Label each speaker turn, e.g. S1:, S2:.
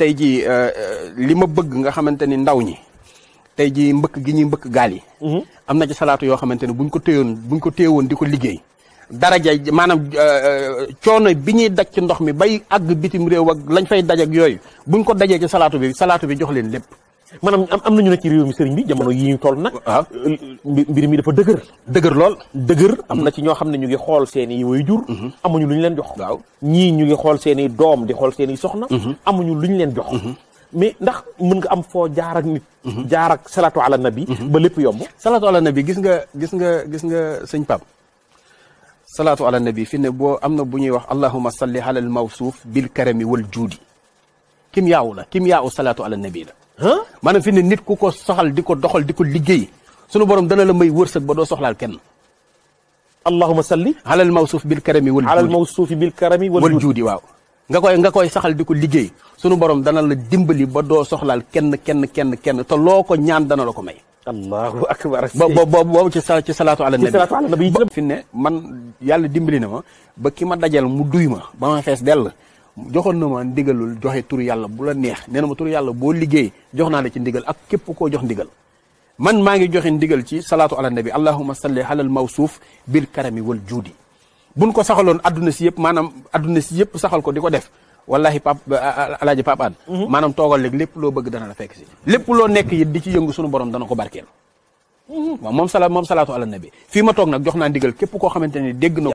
S1: tey jii euh, euh, li ma bëgg nga xamante ni ndaw ñi tey jii mbëkk gi ñuy mbëkk gaal yi. Mhm. am na ci salaatu yoo xamante ni buñ ko téyoon buñ ko téyewoon di ko liggéey. dara daraja maanaam euh, coono bi ñuy daj ci ndox mi bay àgg bitim réew ak lañ fay daj yooyu buñ ko dajee ci salaatu bi salaatu bi jox leen lépp. maanaam am nañu ne ci réew mi sëriñ bi jamono yi ñu toll na waaw
S2: ah. mbir mi dafa dëgër. dëgër lool dëgër. am na ci ñoo xam ne ñu ngi xool seen i way jur. Mm-hmm. amuñu lu ñu leen jox. waaw ñii ñu ngi xool seeni doom di xool seen i soxna. Mm-hmm. amuñu lu ñu leen jox. Mm-hmm. mais ndax mën nga am foo jaar ak nit. jaar ak salatu ala nabi. ba lépp
S1: yomb. salatu ala nabi gis nga gis nga gis nga sëñ Pape. salaatu ala nabi fi ne boo am na bu ñuy wax allahuma salli ala al mawsuuf bil karami wal juudi kim yaawu la kim yaawu salaatu ala la maanaam fi ne nit ku ko soxal diko doxal diko liggey sunu borom dana la may wërsëg ba do soxlal kenn allahuma salli alal mawsuuf bil karami wal alal mawsuuf bil karami wal juudi waaw nga koy nga koy saxal diko liggey sunu borom dana la dimbali ba do soxlal kenn kenn kenn kenn to loko ñaan dana la ko may allahu
S2: akbar bo bo
S1: boobu ci sa ci salaatu ala nabi ci salaatu ala nabi fi ne man yàlla dimbali na ma ba kima dajal mu duy ma ba ma fess del joxoon na ma ndigalul joxe tur yàlla bu la neex nee ma tur yàlla boo liggéey jox naa la ci ndigal ak képp koo jox ndigal man maa ngi joxe ndigal ci salaatu ala nabi allahuma salli alal mawsuuf bil karami wal juudi buñ ko saxaloon adduna si yëpp maanaam adduna si yëpp saxal ko di ko def wallahi pap alaaji pap an mhm. maanaam toogal léegi lépp loo bëgg dana la fekk si lépp loo nekk it di ci yëngu sunu borom dana ko barkeel mhm. waaw moom sala salaatu ala nabi fii ma toog nag jox naa ndigal képp koo xamante dégg na